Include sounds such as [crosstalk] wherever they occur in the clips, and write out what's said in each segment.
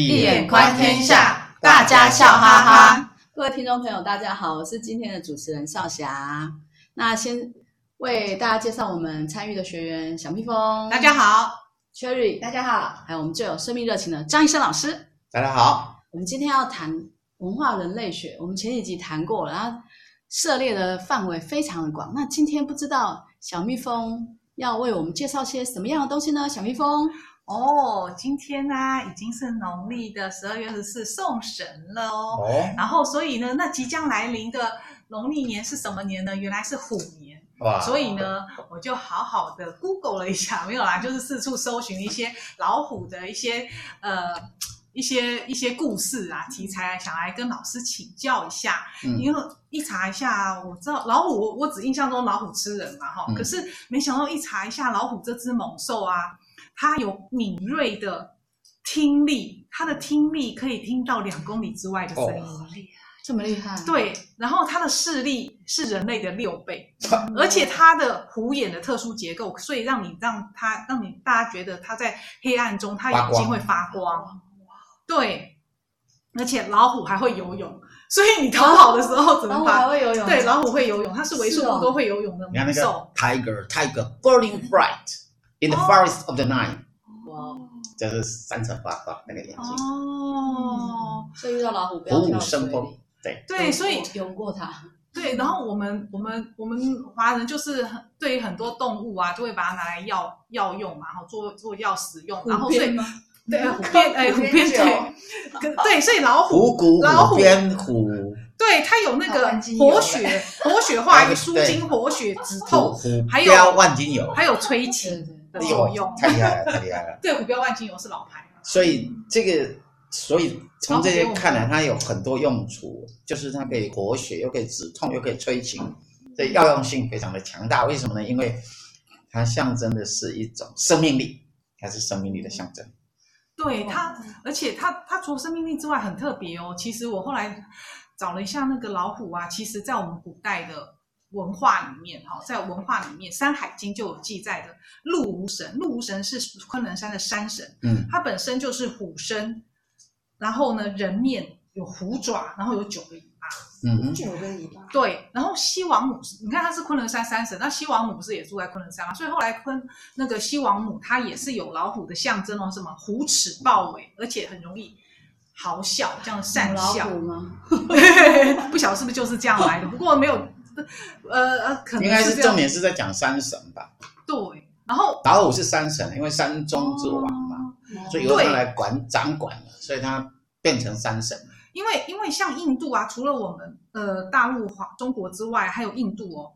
易眼觀天下，大家笑哈哈。各位聽眾朋友，大家好，我是今天的主持人少霞。那先為大家介紹我們參與的學員小蜜蜂，大家好；Cherry，大家好，Cherry, 家好，還有我們最有生命熱情的張醫生老師，大家好。我們今天要談文化人類學，我們前幾集談過了，然後涉獵的範圍非常的廣。那今天不知道小蜜蜂要為我們介紹些什麼樣的東西呢？小蜜蜂。哦，今天呢、啊、已經是農曆的十二月十四送神了哦。然後，所以呢，那即將來臨的農曆年是什麼年呢？原來是虎年。哇所以呢，我就好好的 Google 了一下，沒有啦，就是四處搜尋一些老虎的一些呃一些一些故事啊題材，想來跟老師請教一下。嗯、因為一查一下、啊，我知道老虎，我我只印象中老虎吃人嘛吼。嗯、可是沒想到一查一下，老虎這隻猛獸啊。它有敏銳的聽力，它的聽力可以聽到兩公里之外的聲音，哦、這麼厲害、啊？對。然後它的視力是人類的六倍，嗯、而且它的虎眼的特殊結構，所以讓你讓它讓你大家覺得它在黑暗中它眼睛會發光。發光對。而且老虎還會游泳，所以你逃跑的時候怎麼，麼辦、啊？還會游泳。對，游泳對，老虎會游泳，它是為數不多會游泳的猛獸、哦。Tiger，Tiger，Burning Bright。In the forest of the night，哦，就是三層八爪那個眼睛哦。所以遇到老虎不要跳。虎虎生風，對。對，所以有過它。對，然後我們我們我們華人就是很對於很多動物啊，就會把它拿來藥藥用嘛，然後做做藥使用。然後所以，虎鞭嗎？對，虎哎虎鞭對，對，所以老虎老虎對它有那個活血活血化瘀舒筋活血止痛，還有萬金油，還有催情。有用、哦，太厲害了，太厲害了。 [laughs] 對，虎標萬金油是老牌。所以這個，所以從這些看來，它有很多用處，就是它可以活血，又可以止痛，又可以催情，所以藥用性非常的強大。為什麼呢？因為它象徵的是一種生命力，它是生命力的象徵。嗯、對它，而且它它除了生命力之外，很特別哦。其實我後來找了一下那個老虎啊，其實在我們古代的。文化裡面哈，在文化裡面，《山海經》就有記載的陸吾神，陸吾神是昆崙山的山神，嗯，它本身就是虎身，然後呢，人面有虎爪，然後有九個尾巴，嗯，嗯，九個尾巴，對，然後西王母，你看它是昆崙山山神，那西王母不是也住在昆崙山嗎、啊？所以後來昆那個西王母，它也是有老虎的象徵哦，什麼虎齒豹尾，而且很容易嚎笑，這樣善嘯老虎嗎？ [laughs] 不曉得是不是就是這樣來的， [laughs] 不過沒有。呃呃，可能是，應該是重點是在講山神吧。對，然後達爾我是山神，因為山中之王嘛，啊、所以由他來管對掌管了，所以他變成山神了。因為因為像印度啊，除了我們呃大陸華中國之外，還有印度哦、喔。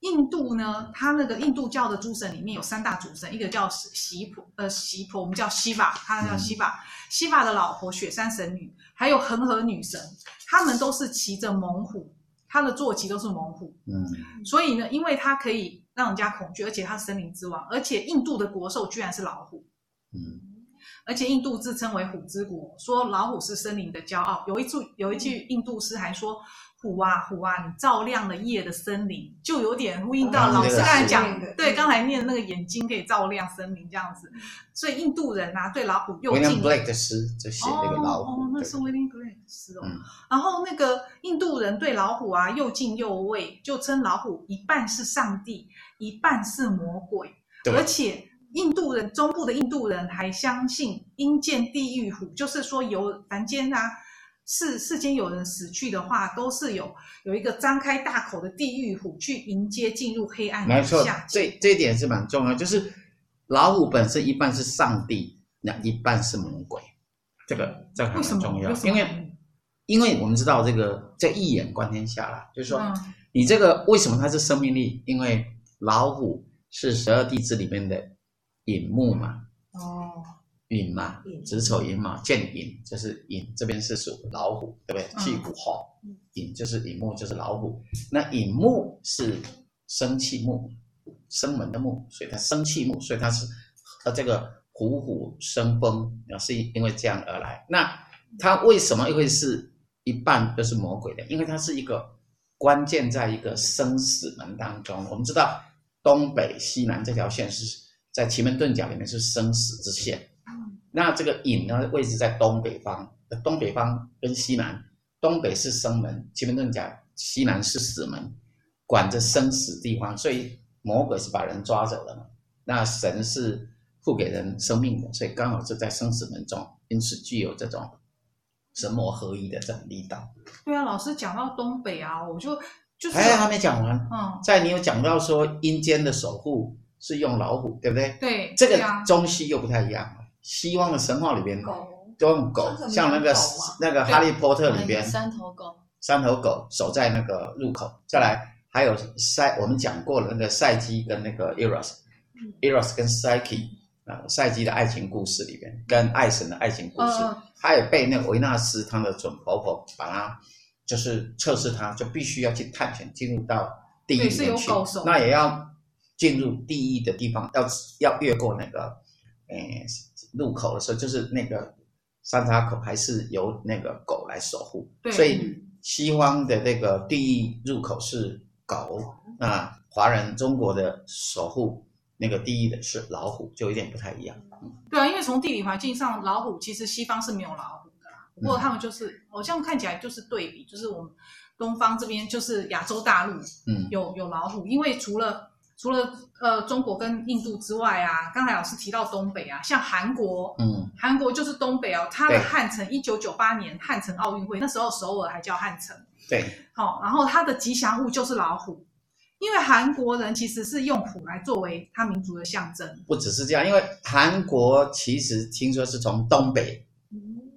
印度呢，他那個印度教的諸神裡面有三大主神，一個叫濕婆，呃，濕婆我們叫西法，他叫西法，嗯、西法的老婆雪山神女，還有恆河女神，他們都是騎着猛虎。他的坐騎都是猛虎，嗯，所以呢，因為它可以讓人家恐懼，而且他是森林之王，而且印度的國獸居然是老虎，嗯，而且印度自稱為虎之國，說老虎是森林的驕傲，有一句有一句印度詩還說。虎啊虎啊！你照亮了夜的森林，就有點呼應到老師剛才講，那那對，剛才念的那個眼睛可以照亮森林這樣子。所以印度人啊，對老虎又敬又畏，William Blake 的詩就寫這寫那個老虎。哦、oh, 對，oh, 那是 William Blake 的詩哦。嗯、然後那個印度人對老虎啊又敬又畏，就稱老虎一半是上帝，一半是魔鬼。對而且印度人中部的印度人還相信陰間地獄虎，就是說由凡間啊。世世間有人死去的話，都是有有一個張開大口的地獄虎去迎接進入黑暗的下去。沒錯，這這一點是蠻重要的，就是老虎本身一半是上帝，那一半是魔鬼，這個，這個很重要。為什麼？因為，因為我們知道這個叫易眼觀天下，就是說、嗯、你這個為什麼它是生命力？因為老虎是十二地支裡面的寅木嘛。哦。寅嘛，子丑寅卯建寅，就是寅這邊是屬老虎，對不對？氣虎吼，寅就是寅木，就是老虎。那寅木是生氣木，生門的木，所以它生氣木，所以它是它這個虎虎生風，那是因為這樣而來。那它為什麼又會是一半都是魔鬼的？因為它是一個關鍵，在一個生死門當中。我們知道東北西南這條線是在奇門遁甲裡面是生死之線。那這個寅呢，位置在東北方，東北方跟西南，東北是生門，奇門遁甲西南是死門，管着生死地方，所以魔鬼是把人抓走了。那神是付給人生命的，所以剛好是在生死門中，因此具有這種神魔合一的這種力道。對啊，老師講到東北啊，我就就是還、哎、沒講完。嗯，在你有講到說陰間的守護是用老虎，對不對？對，這個東西又不太一樣了。西方的神話裡邊都用狗，像那個那個《哈利波特》裡邊，三頭狗，三頭狗守在那個入口。再來，還有賽，我們講過了那個賽基跟那個 Eros，Eros 跟 Psyche 賽基啊，賽基的愛情故事裡邊，跟愛神的愛情故事，還有被那維納斯他的準婆婆把他就是測試他，就必須要去探險進入到地獄裡面，去，那也要進入地獄的地方，要要越過那個嗯。入口的時候就是那個三叉口還是由那個狗來守護對，所以西方的那個第一入口是狗，嗯、那華人、嗯、中國的守護那個第一的是老虎，就有點不太一樣。嗯、對啊，因為從地理環境上，老虎其實西方是沒有老虎的，不過他們就是、嗯、好像看起來就是對比，就是我們東方這邊就是亞洲大陸，嗯、有有老虎，因為除了。除了呃中國跟印度之外啊，剛才老師提到東北啊，像韓國，嗯，韓國就是東北哦，它的漢城，一九九八年漢城奧運會那時候首爾還叫漢城，對，好，哦，然後它的吉祥物就是老虎，因為韓國人其實是用虎來作為他民族的象徵。不只是這樣，因為韓國其實聽說是從東北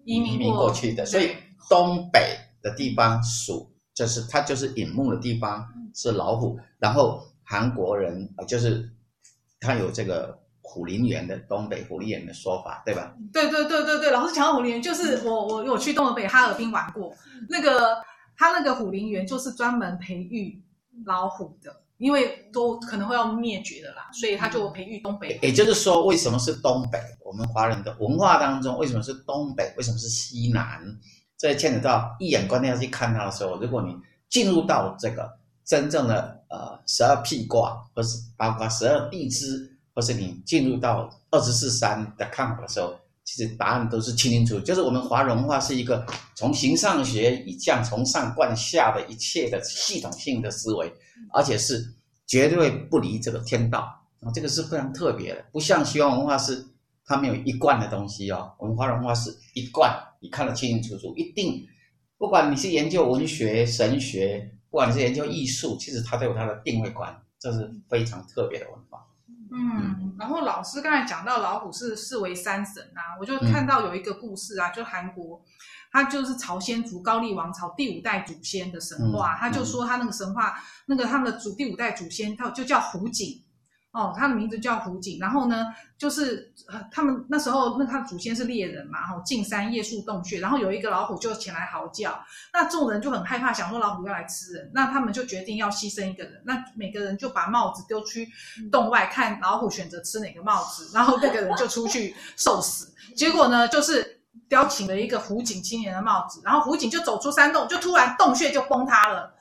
移民過、嗯、移民過，過去的，所以東北的地方屬就是它就是寅木的地方是老虎，嗯、然後。韓國人就是他有這個虎林園的東北虎林園的說法，對吧？對對對對對，老師講到虎林園就是我我有去東北哈爾濱玩過，嗯、那個他那個虎林園就是專門培育老虎的，因為都可能會要滅絕的啦，所以他就培育東北、嗯。也就是說，為什麼是東北？我們華人的文化當中，為什麼是東北？為什麼是西南？這牽扯到易眼觀念要去看它的時候，如果你進入到這個真正的。呃，十二辟卦，或是八卦，十二地支，或是你進入到二十四山的看法的時候，其實答案都是清清楚楚，就是我們華人文化是一個從形上學以降，從上貫下的一切的系統性的思維，而且是絕對不離這個天道。這個是非常特別的，不像西方文化是它沒有一貫的東西哦。我們華人文化是一貫，你看得清清楚楚，一定，不管你是研究文學、神學。不管是研究藝術，其實他都有他的定位觀，這是非常特別的文化。嗯，嗯然後老師剛才講到老虎是視為山神啊，我就看到有一個故事啊，嗯、就韓國，他就是朝鮮族高麗王朝第五代祖先的神話，嗯、他就說他那個神話，嗯、那個他們的祖第五代祖先，他就叫虎景。哦，他的名字叫虎警，然後呢，就是、呃、他們那時候那他的祖先是獵人嘛，然、哦、進山夜宿洞穴，然後有一個老虎就前來嚎叫，那眾人就很害怕，想說老虎要來吃人，那他們就決定要犧牲一個人，那每個人就把帽子丟去洞外，嗯、看老虎選擇吃哪個帽子，然後那個人就出去受死， [laughs] 結果呢，就是叼起了一個虎警青年的帽子，然後虎警就走出山洞，就突然洞穴就崩塌了，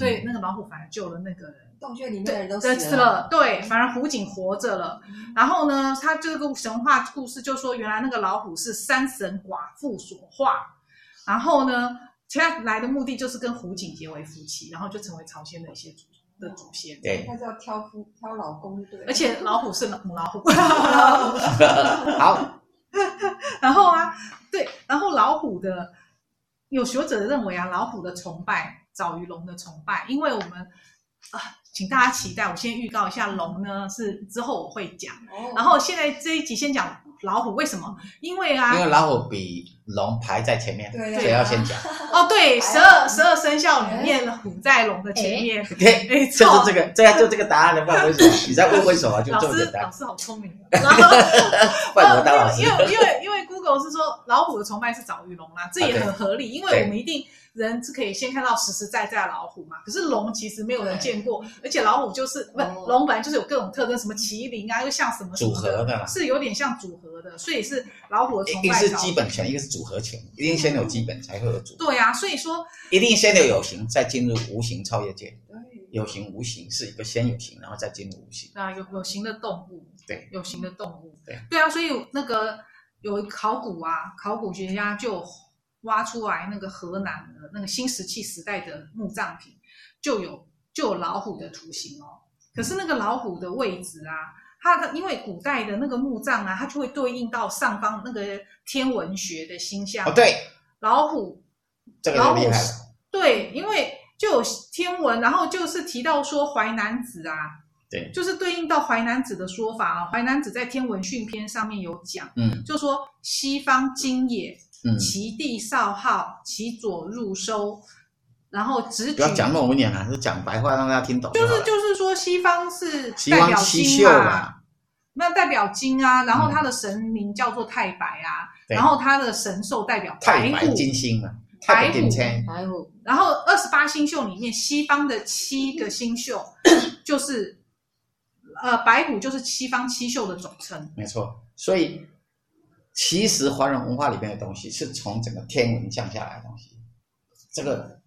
所以那個老虎反而救了那個人。嗯洞穴裡面的人都死了，對對了，對，反而虎景活着了。然後呢，他這個神話故事就說，原來那個老虎是三神寡婦所化。然後呢，他來的目的就是跟虎景結為夫妻，然後就成為朝鮮的一些的祖先。哦、對，他叫挑夫挑老公。對，而且老虎是母老，老虎。好。 [laughs] Oh. [laughs] 然後啊，對，然後老虎的有學者認為啊，老虎的崇拜早於龍的崇拜，因為我們。啊，請大家期待。我先預告一下，龍呢是之後我會講。哦。然後現在這一集先講老虎，為什麼？因為啊，因為老虎比龍排在前面，所以要先講。哦，對，十二十二生肖裡面的虎在龍的前面。對，就是這個，這樣就這個答案了嘛？為什麼？你在問為什麼？就這麼簡單。老師老師好聰明。然後，因為因為因為因為 Google 是說老虎的崇拜是早於龍啦，這也很合理，因為我們一定。人是可以先看到實實在在的老虎嘛？可是龍其實沒有人見過，對而且老虎就是、哦、不是龍，本來就是有各種特徵，什麼麒麟啊，又像什麼，什麼組合的，是有點像組合的，所以是老虎的崇拜。一個是基本權，一個是組合權，一定先有基本，才會有組合。合、嗯。對啊，所以說一定先有有形，再進入無形超越界。對啊、有形無形是一個先有形，然後再進入無形。啊，有有形的動物，對，有形的動物，對。對啊，所以那個有考古啊，考古學家就。挖出來那個河南的那個新石器時代的墓葬品，就有就有老虎的圖形哦。可是那個老虎的位置啊，它的因為古代的那個墓葬啊，它就會對應到上方那個天文學的星象。哦，對，老虎，這個厲害老虎對，因為就有天文，然後就是提到說《淮南子》啊，對，就是對應到《淮南子》的說法啊，《淮南子》在《天文訓》篇上面有講，嗯，就說西方金也。其帝少昊，其左入收，然後只舉、嗯。不要講那麼文言啊，就講白話讓大家聽懂就。就是就是說，西方是代表金、啊、嘛，那代表金啊。然後他的神名叫做太白啊，嗯、然後他的神獸代表白太白金星嘛、啊，白白虎。然後二十八星宿裡面，西方的七個星宿就是，嗯、 [coughs] 呃，白虎就是西方七宿的總稱。沒錯，所以。其實，華人文化裡邊的東西是從整個天文降下來的東西，這個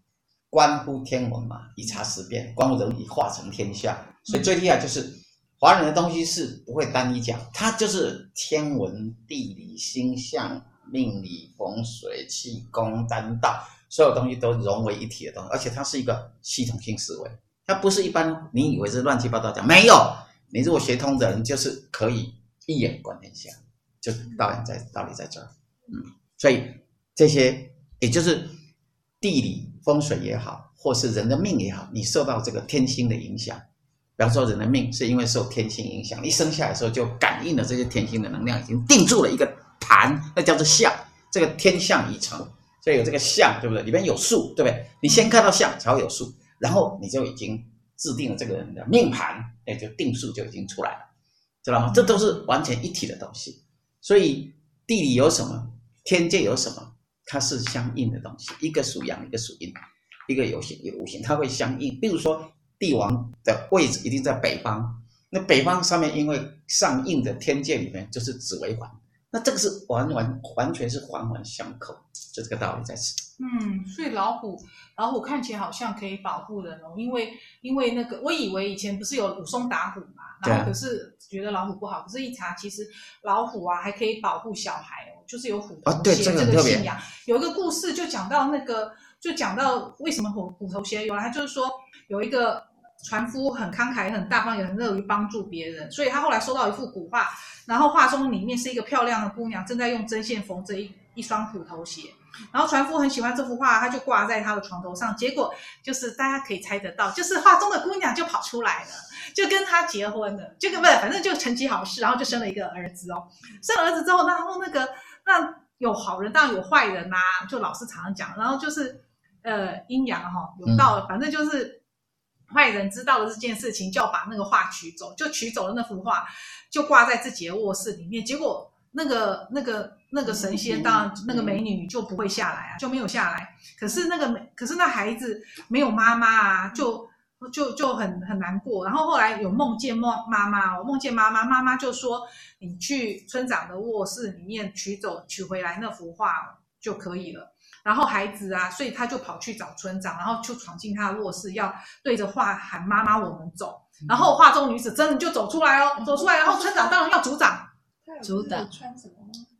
觀乎天文嘛，以察時變，觀乎人文，以化成天下，所以最厲害就是，華人的東西是不會單一講，它就是天文、地理、星象、命理、風水、氣功、丹道，所有東西都融為一體的東西，而且它是一個系統性思維，它不是一般你以為是亂七八糟講，沒有，你如果學通的人，就是可以一眼觀天下。就道理在道理、嗯、在這兒，嗯，所以這些也就是地理風水也好，或是人的命也好，你受到這個天星的影響。比方說，人的命是因為受天星影響，一生下來的時候就感應了這些天星的能量，已經定住了一個盤，那叫做象。這個天象已成，所以有這個象，對不對？裡面有數，對不對？你先看到象才會有數，然後你就已經制定了這個人的命盤，也就定數就已經出來了，知道嗎？嗯、這都是完全一體的東西。所以地理有什麼，天界有什麼，它是相應的東西。一個屬陽，一個屬陰，一個有形，有無形，它會相應。比如說帝王的位置一定在北方，那北方上面因為上應的天界裡面就是紫微宮，那這個是完完完全是環環相扣，就這個道理在此。嗯，所以老虎，老虎看起來好像可以保護人哦，因為因為那個我以為以前不是有武松打虎嘛，然後可是覺得老虎不好，啊、可是一查其實老虎啊還可以保護小孩哦，就是有虎頭鞋、哦這個、這個信仰，有一個故事就講到那個就講到為什麼虎虎頭鞋有，原來就是說有一個船夫很慷慨很大方也很樂於幫助別人，所以他後來收到一幅古畫，然後畫中裡面是一個漂亮的姑娘正在用針線縫着一一雙虎頭鞋。然後船夫很喜歡這幅畫，他就掛在他的床頭上。結果就是大家可以猜得到，就是畫中的姑娘就跑出來了，就跟他結婚了。就跟，不是反正就成績好事，然後就生了一個兒子哦。生兒子之後，然後那個那有好人當然有壞人吶、啊，就老師常常講，然後就是呃陰陽哈、哦、有道，反正就是壞人知道了這件事情，就要把那個畫取走，就取走了那幅畫，就掛在自己的臥室裡面。結果。那個那個那個神仙，當然那個美女就不會下來啊，就沒有下來。可是那個可是那孩子沒有媽媽啊，就就就很很難過。然後後來有夢見夢媽媽、哦，夢見媽媽，媽媽就說：“你去村長的臥室裡面取走取回來那幅畫就可以了。”然後孩子啊，所以他就跑去找村長，然後就闖進他的臥室，要對着畫喊媽媽，我們走。嗯、然後畫中女子真的就走出來哦，走出來。然後村長當然要阻擋。阻擋？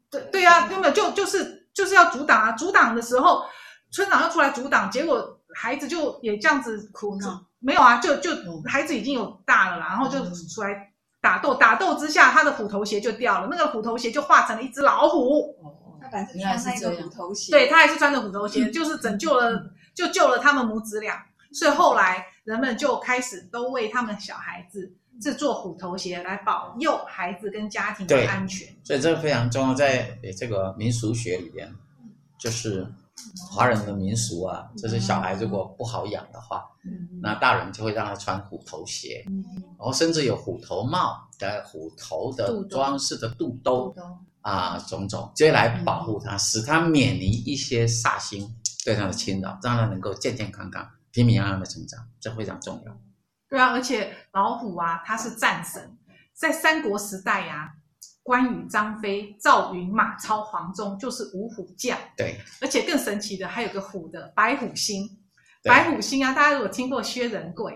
對對呀、啊，根本擋就就是就是要阻擋啊！阻擋的時候，村長要出來阻擋，結果孩子就也這樣子哭鬧。嗯、沒有啊，就就孩子已經有大了啦，嗯、然後就出來打鬥，打鬥之下他的虎頭鞋就掉了，那個虎頭鞋就化成了一只老虎。哦虎、嗯，他還是穿着虎頭鞋。對他還是穿着虎頭鞋，就是拯救了，就救了他們母子倆。嗯、所以後來人們就開始都為他們小孩子製作虎頭鞋來保佑孩子跟家庭的安全，所以這個非常重要。在這個民俗學裡邊，就是華人的民俗啊，就是小孩如果不好養的話，嗯、那大人就會讓他穿虎頭鞋，嗯、然後甚至有虎頭帽的、虎頭的裝飾的肚兜肚東啊，種種，就會來保護他，嗯、使他免於一些煞星對他的侵擾，讓他能夠健健康康、平平安安的成長，這非常重要。對啊，而且老虎啊，他是戰神，在三國時代呀，啊，關羽、張飛、趙雲、馬超、黃忠就是五虎將。對，而且更神奇的還有個虎的白虎星，對白虎星啊，大家有聽過薛仁貴，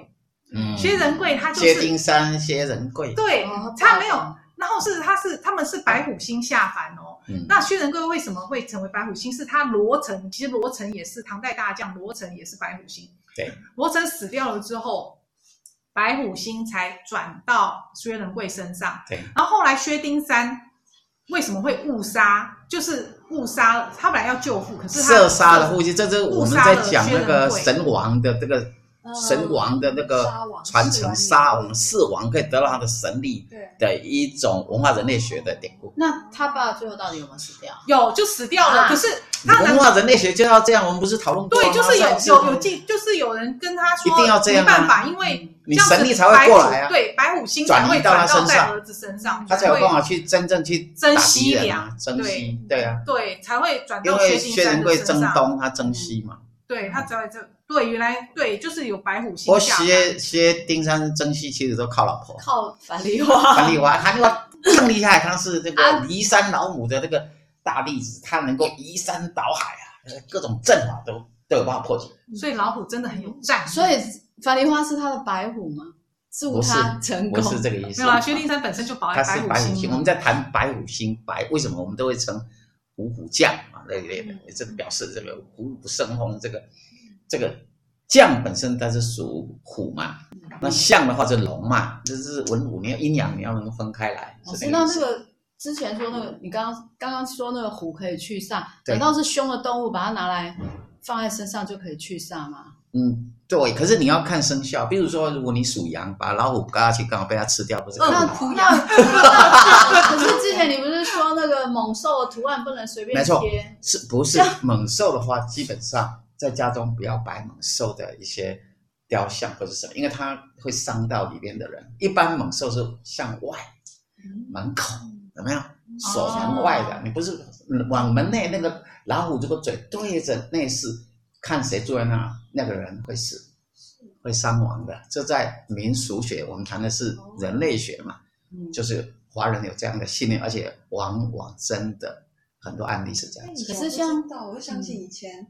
嗯，薛仁貴他就是。薛丁山薛仁貴。對，他沒有，哦，然後是他是他們是白虎星下凡哦。嗯。那薛仁貴為什麼會成為白虎星？是他羅成，其實羅成也是唐代大將，羅成也是白虎星。對，羅成死掉了之後。白虎星才轉到薛仁貴身上，對。然後後來薛丁山為什麼會誤殺？就是誤殺了，他本來要救父，可是射殺了父親。這這我們在講那個神王的這個。神王的那個傳承，殺我們四王可以得到他的神力的一種文化人類學的典故。那他爸最後到底有沒有死掉？有就死掉了。可是文化人類學就要這樣，我們不是討論過？對，就是有有有這，就是有人跟他說，一定要這樣，沒辦法，因為你神力才會過來啊。對，白虎星轉移到他身上，兒子身上，他才有辦法去真正去珍惜啊，珍惜，對啊。對，才會轉到薛仁貴征東，他征西嘛。對，他只要就對原來對，就是有白虎星。我薛、薛丁山征西，其實都靠老婆，靠樊梨花。樊梨花，他就 [laughs] 更厲害，他是這個梨、啊、山老母的這個大弟子，他能夠移山倒海啊，各種陣法都都有辦法破解。所以老虎真的很有戰，嗯、所以樊梨花是他的白虎嗎？是我他成功不是？不是這個意思，對吧、啊？薛丁山本身就保白、白虎星，嗯、我們在談白虎星，白為什麼我們都會稱？虎虎將啊，那一類的，也、嗯、表示這個虎虎生風。這個、嗯、這個將本身它是屬虎嘛，嗯、那象的話是龍嘛，就是文武，你要陰陽你要能夠分開來。那，那這那個之前說那個，你剛剛剛剛說那個虎可以去煞，難道是凶的動物把它拿來放在身上就可以去煞嗎？嗯。嗯對，可是你要看生肖，比如說如果你屬羊，把老虎擱上去，剛好被它吃掉，不是、哦？那不要， [laughs] [laughs] 可是之前你不是說那個猛獸圖案不能隨便貼？沒錯，是不是猛獸的話，基本上在家中不要擺猛獸的一些雕像或者什麼，因為它會傷到裡面的人。一般猛獸是向外，門口有沒有？鎖門外的，哦、你不是往門內那個老虎這個嘴對着內室。看誰坐在那兒，那個人會死，是會傷亡的。這在民俗學，我們談的是人類學嘛，哦嗯、就是華人有這樣的信念，而且往往真的很多案例是這樣。可是像，我就想起、嗯、以前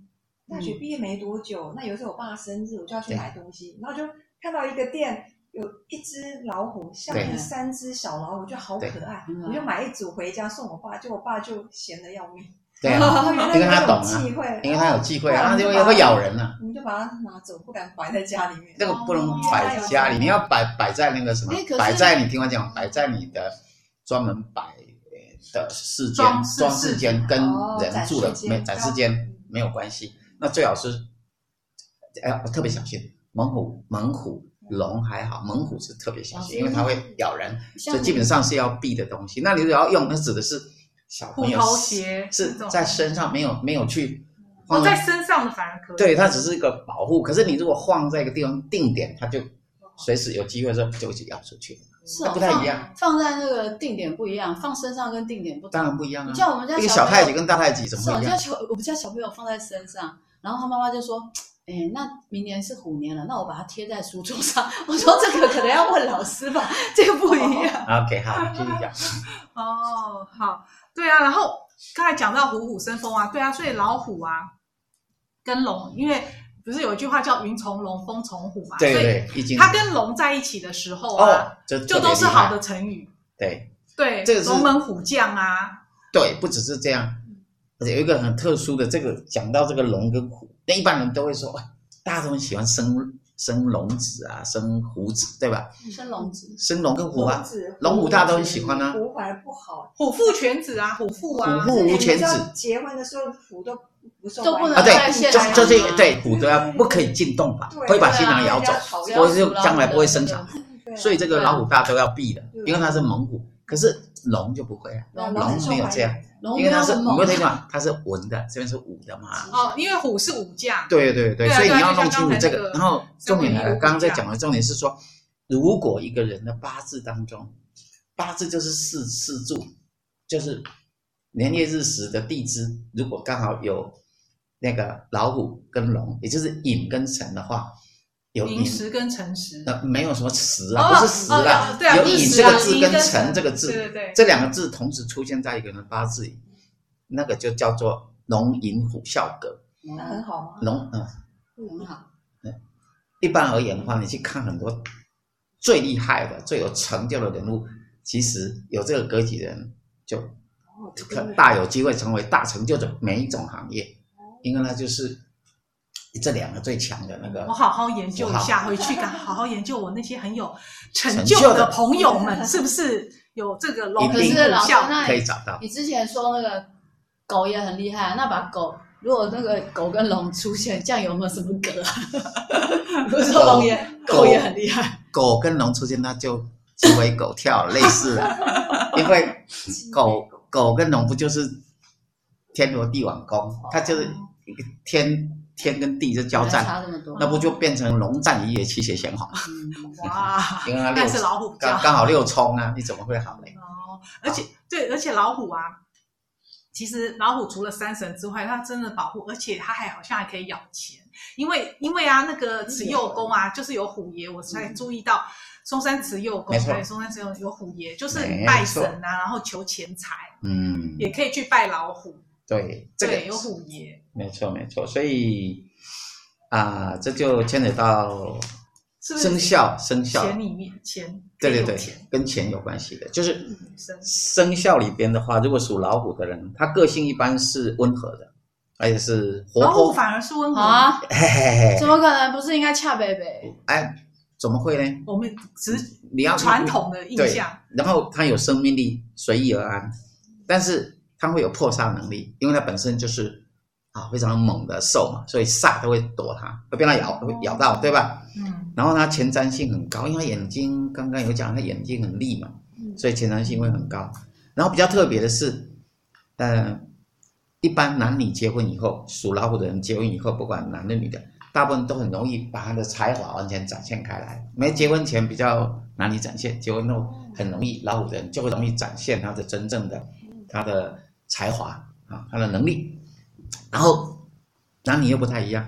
大學畢業沒多久，那有一次我爸生日，我就要去買對東西，然後就看到一個店有一隻老虎，下面三隻小老虎，對就好可愛，對我就買一組回家送我爸，結果我爸就嫌得要命。對啊，因為他懂啊，因為他有忌諱啊，因為他會會咬人啊，我們就把它拿走，不敢擺在家裡面。那個不能擺家裡，你要擺擺在那個什麼？擺在你聽我講，擺在你的專門擺的世間，裝飾間跟人住的沒裝間沒有關係。那最好是哎，我特別小心。猛虎，猛虎，龍還好，猛虎是特別小心，因為它會咬人，所以基本上是要避的東西。那你只要用，它指的是。虎頭鞋是在身上沒有沒有去放，放、哦、在身上的反而可以，對它只是一個保護。可是你如果放在一個地方定點，它就隨時有機會說就咬出去，是、啊、它不太一樣放。放在那個定點不一樣，放身上跟定點不同當然不一樣啊。像我們家小，小太極跟大太極怎麼不一樣？啊、我家小我們家小朋友放在身上，然後他媽媽就說。哎，那明年是虎年了，那我把它貼在書桌上。我說這個可能要問老師吧， [laughs] 這個不一樣。Oh, OK，好，繼續講。哦，oh, 好，對啊，然後剛才講到虎虎生風啊，對啊，所以老虎啊跟龍，因為不是有一句話叫雲從龍，風從虎嘛、啊，對，對，所以它跟龍在一起的時候啊，哦、就都是好的成語。對對，對這個龍門虎將啊。對，不只是這樣，而且有一個很特殊的，這個講到這個龍跟虎。那一般人都會說，大家都很喜歡生生龍子啊，生虎子，對吧？生龍子，生龍跟虎啊，龍虎大家都很喜歡啊。虎懷不好，虎父犬子啊，虎父啊，虎父無犬子。結婚的時候虎都不受都不能啊，對，就就是對虎都不可以進洞房，會把新娘咬走，所以將來不會生小孩。所以這個老虎大家都要避的，因為它是猛虎。可是。龍就不會啊，龍沒有、啊、這樣，因為它是，啊、你有聽講嗎？它是文的，這邊是武的嘛。的哦，因為虎是武將。對對對對。對啊、所以你要弄清楚這個。啊那個、然後重點來了，武武我剛剛在講的重點是說，如果一個人的八字當中，八字就是四四柱，就是年月日時的地支，如果剛好有那個老虎跟龍，也就是寅跟辰的話。有飲食跟誠實，呃，沒有什麼食啊，不是食啊，有飲這個字跟誠這個字，對對，這兩個字同時出現在一個人的八字裡，那個就叫做龍吟虎嘯格。那很好嗎？龍嗯，很好，嗯，一般而言的話，你去看很多最厲害的、最有成就的人物，其實有這個格局的人就很大有機會成為大成就的每一種行業，應該呢就是。這兩個最強的那個，我好好研究一下，好回去該好好研究我那些很有成就的朋友們， [laughs] 是不是有這個龍吟虎嘯？可以找到。你之前說那個狗也很厲害，那把狗如果那個狗跟龍出現，這樣有，沒有什麼格？不 [laughs] 是龍也，狗，狗也很厲害狗。狗跟龍出現，那就雞飛狗跳， [laughs] 類似的，因為狗 [laughs] 狗跟龍不就是天羅地網攻， [laughs] 它就是一個天。天跟地這交戰，那不就變成龍戰於野其血玄黃嗎？哇！但是老虎剛好六沖啊，你怎麼會好呢？哦，而且對，而且老虎啊，其實老虎除了山神之外，它真的保護，而且它還好像還可以咬錢，因為因為啊，那個慈祐宮啊，就是有虎爺，我才注意到松山慈祐宮對松山慈祐有虎爺，就是拜神啊，然後求錢財，嗯，也可以去拜老虎，對，這個有虎爺。沒錯，沒錯，所以，啊，這就牽扯到生肖，是是生肖錢裡面錢，錢對對對，跟錢有關係的，就是生肖裡邊的話，如果屬老虎的人，他個性一般是溫和的，而且是活潑，老虎反而是溫和，怎麼可能？不是應該恰北北？哎，怎麼會呢？我們只，你要傳統的印象，然後他有生命力，隨遇而安，但是他會有破殺能力，因為他本身就是。啊，非常猛的獸嘛，所以煞都會躲它，會被它咬，會咬到，對吧？嗯。然後他前瞻性很高，因為他眼睛剛剛有講，它眼睛很利嘛，所以前瞻性會很高。嗯、然後比較特別的是，嗯、呃，一般男女結婚以後，屬老虎的人結婚以後，不管男的女的，大部分都很容易把他的才華完全展現開來。沒結婚前比較難以展現，結婚後很容易，老虎的人就會容易展現他的真正的、嗯、他的才華啊，他的能力。然後男女又不太一樣，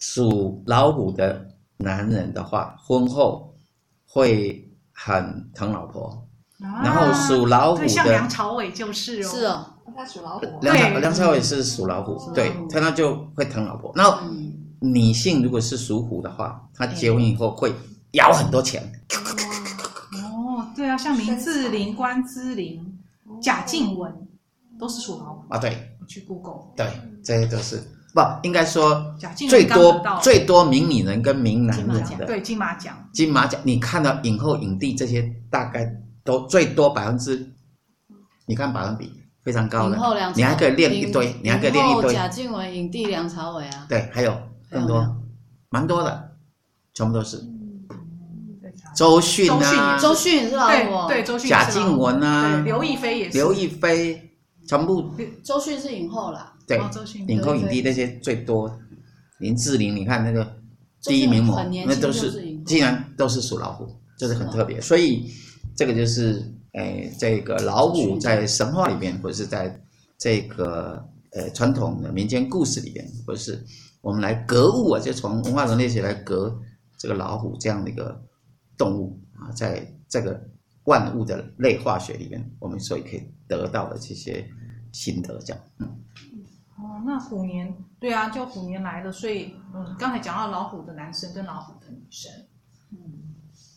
屬老虎的男人的話，婚後會很疼老婆。然後屬老虎的，像梁朝偉就是哦，是哦，他屬老虎。梁朝偉是屬老虎，對他那就會疼老婆。然後女性如果是屬虎的話，他結婚以後會要很多錢。哇哦，對啊，像林志玲、關之琳、賈靜雯都是屬老虎啊，對。去 Google，對，這些都是，不，應該說最多最多名女人跟名男人的，對，金馬獎，金馬獎，你看到影后影帝這些大概都最多百分之，你看百分比非常高的，你還可以練一堆，你還可以練一堆。賈靜雯影帝梁朝偉啊，對，還有更多，蠻多的，全部都是。周迅啊，周迅是吧？對對，周迅。賈靜雯啊，劉亦菲也是。劉亦菲。全部，周迅是影后啦對、哦，對。對，影后影帝那些最多，林志玲你看那個，第一名模那都是竟然都是屬老虎，這是，嗎是很特別。所以這個就是誒、呃，這個老虎在神話裡面，或者是在這個呃傳統的民間故事裡面，或者是我們來格物啊，就從文化人類學來格這個老虎這樣的一個動物啊，在這個萬物的類化學裡面，我們所以可以得到的這些。新特效，嗯。哦，那虎年，對啊，叫虎年來了，所以，嗯，剛才講到老虎的男生跟老虎的女生，嗯，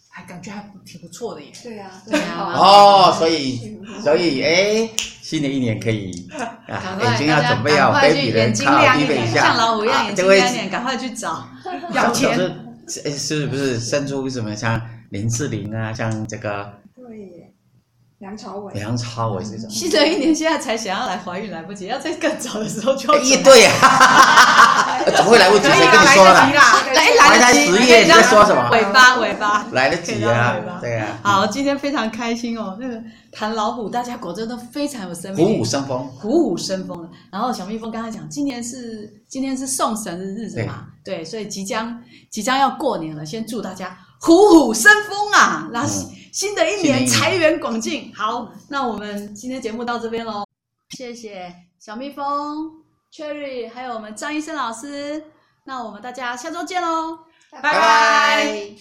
還感覺還挺不錯的耶。對啊，對啊。對啊，哦，所以，所以，哎，新的一年可以，快啊，眼睛要準備好，baby 的，準備一下，像老虎一樣眼睛亮一、啊、趕快去找。要不對錢是，是是不是生出什麼像林志玲啊，像這個？對。梁朝偉，梁朝偉這種。新的一年現在才想要來懷孕來不及，要在更早的時候就。一對啊！怎麼會來不及？誰跟你說的。來得及啦！哎，來得及。尾巴尾巴。來得及啊！對啊。好，今天非常開心哦。那個談老虎，大家果真都非常有生命力。虎虎生風，虎虎生風。然後小蜜蜂剛剛講，今年是今天是送神的日子嘛？對，所以即將即將要過年了，先祝大家虎虎生風啊！那。新的一年財源廣進，好，那我們今天節目到這邊嘍，謝謝小蜜蜂、Cherry，還有我們張醫生老師，那我們大家下周見嘍，拜拜。